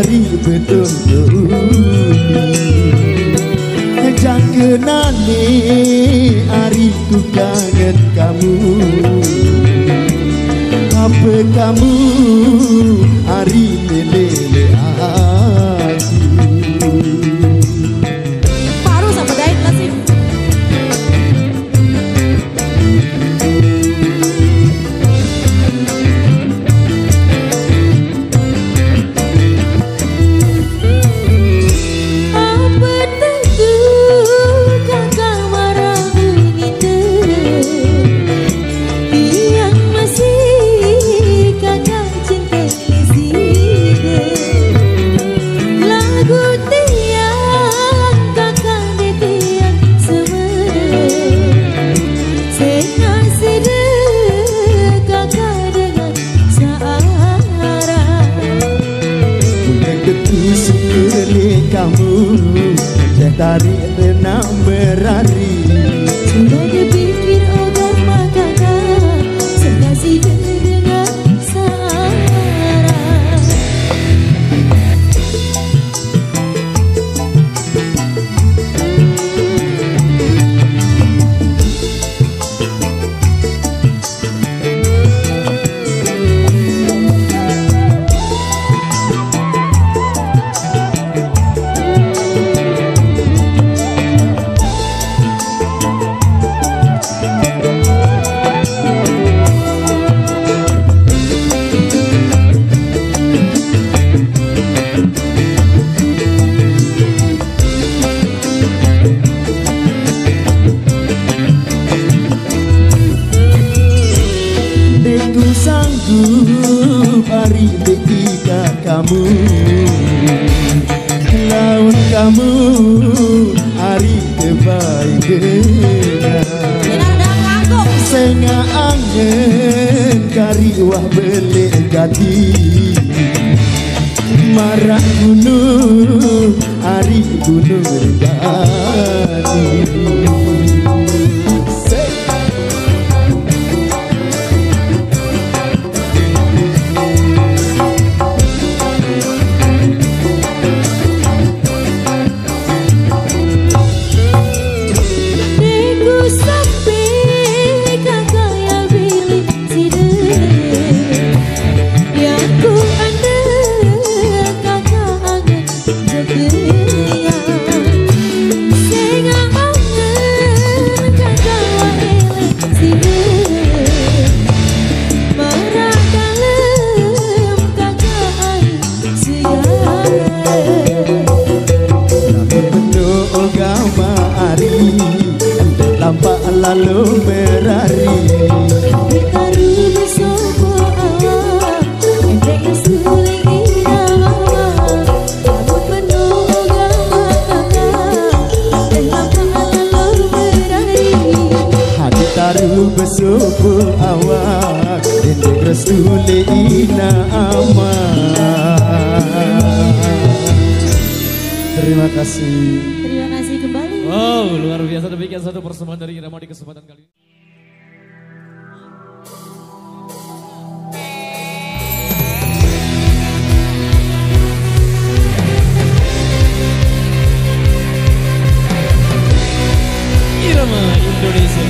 hari betul-betul Janganane hari ku kangen kamu Apa kamu hari kamu Laun kamu hari kebaikan Senga angin kari wah belik gati Marah gunung hari gunung Terima kasih. Terima kasih kembali. Wow, luar biasa demikian satu persembahan dari Irama di kesempatan kali ini. Irama Indonesia.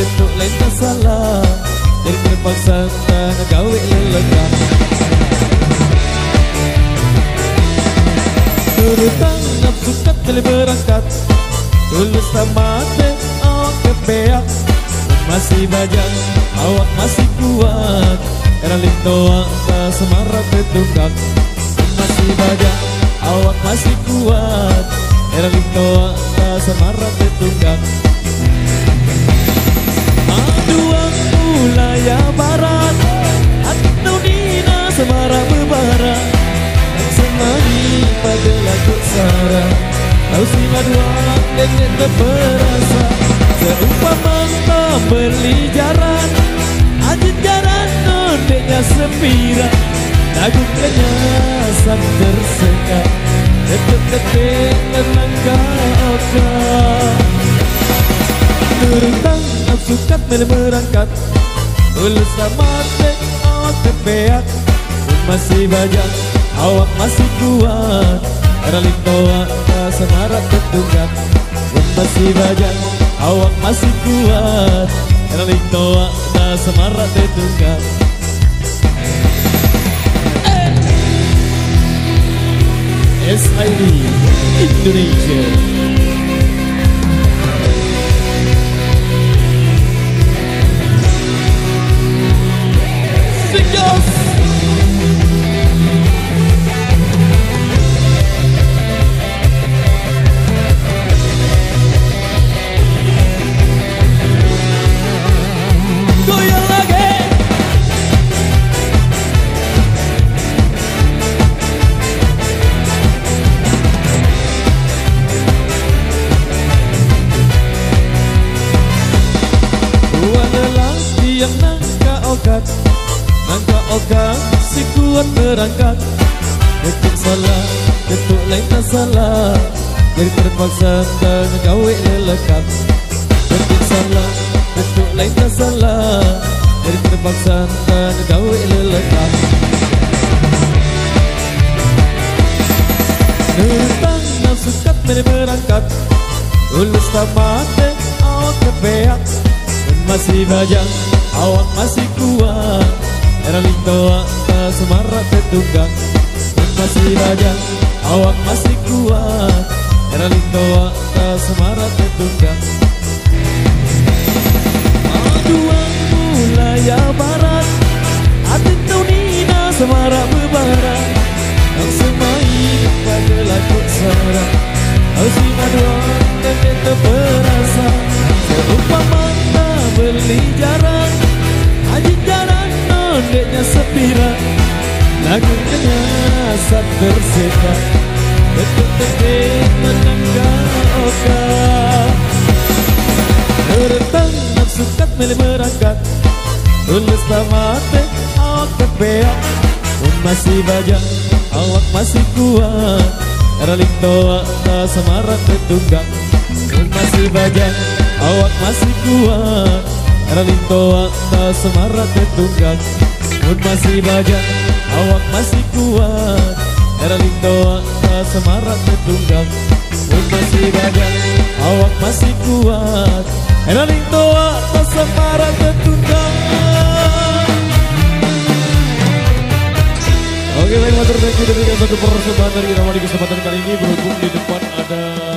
tindog lay nasala Dahil may pagsanta nagawi lalaga Turutang napsukat kali berangkat Tulus na mate awak kepeak Masih bajang awak masih kuat Era lindoa ka semarang ketungkak Masih bajang awak masih kuat Era lindoa ka semarang ketungkak Duang Ulaya Barat Hati Nudina Semarang Bebara Semari pada lagu Sara Lalu silat wang Dengan terperasa Seumpama kau beli jaran Ajit jaran Nodeknya sepira Lagu kenyasan tersengat Tetap-tetap Tenangkan kau berhutang Nafsu kat milih berangkat Lulus sama out tempeat Masih banyak awak masih kuat Ralim doa tak semarak ketunggak Masih banyak awak masih kuat Ralim doa tak semarak ketunggak SID Indonesia buat terangkat Ketuk salah, ketuk lain tak salah Jadi terpaksa dan gawek lelekat Ketuk salah, ketuk lain tak salah Jadi terpaksa dan gawek lelekat Nurutan nafsu kat mari berangkat Ulus tak mati awak kepeak Masih bajak, awak masih kuat Era lintoa Semarang tetunggang masih raja awak masih kuat Era lintoa Semarang tetunggang Dua Akhirnya saat bersikap Detik-detik meninggalkan Tentang nafsu kat milih berangkat Tulis tamate awak kepeak Pun masih bajak awak masih kuat Raling toa tak semarat tetunggang Pun masih bajak awak masih kuat Raling toa tak semarat tetunggang Pun masih bajak awak masih kuat Erling doang tak semarak ditunggak Pun masih gagal awak masih kuat Erling doang tak semarak ditunggak Oke baik motor thank you dari satu persembahan dari kita di kesempatan kali ini berhubung di depan ada